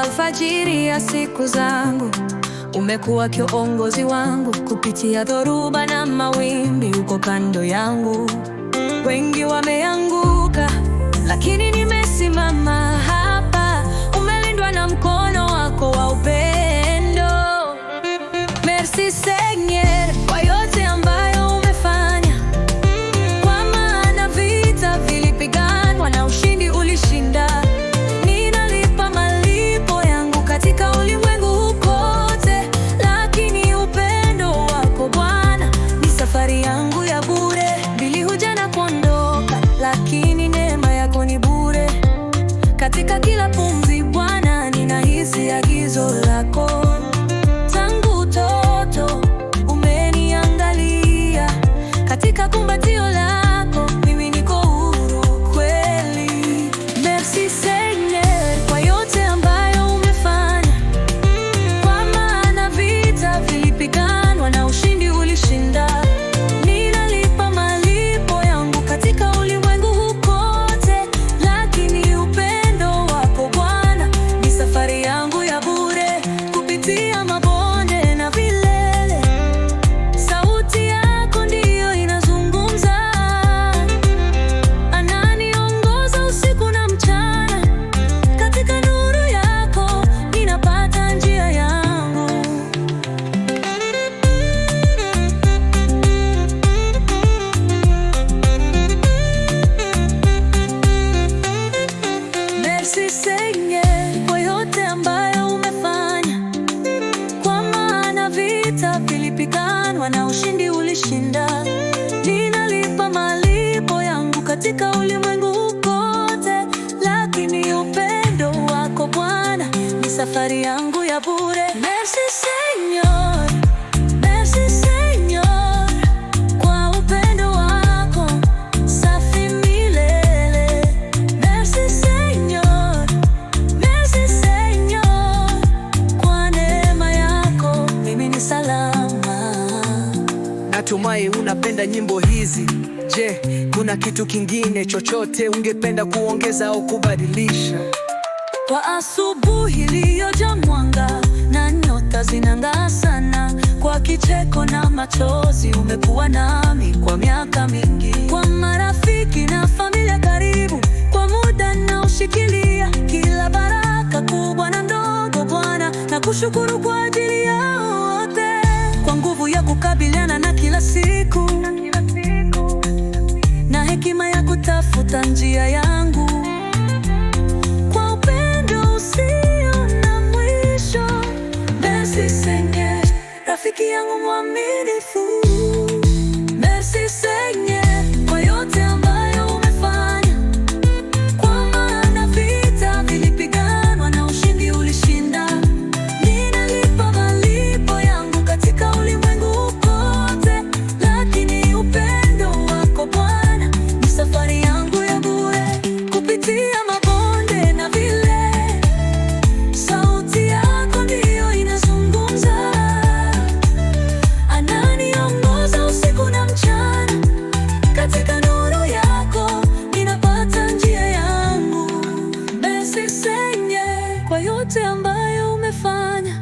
alfajiri ya siku zangu, umekuwa kiongozi wangu kupitia dhoruba na mawimbi, uko kando yangu. Wengi wameanguka, lakini nimesimama. usisenge kwa yote ambayo umefanya, kwa maana vita vilipiganwa na ushindi ulishinda. Ninalipa malipo yangu katika ulimwengu kote, lakini upendo wako Bwana ni safari yangu ya bure. Merci Seigneur. Natumai unapenda nyimbo hizi. Je, kuna kitu kingine chochote ungependa kuongeza au kubadilisha? Kwa asubuhi iliyojaa mwanga na nyota zinang'aa sana, kwa kicheko na machozi, umekuwa nami kwa miaka mingi, kwa marafiki na familia karibu, kwa muda naoshikilia, kila baraka kubwa na ndogo, Bwana na kushukuru kwa ajili yao wote, kwa nguvu ya kukabiliana kila siku na hekima ya kutafuta njia yangu kwa upendo usio na mwisho, Bessy rafiki yangu mwaminifu. kwa yote ambayo umefanya.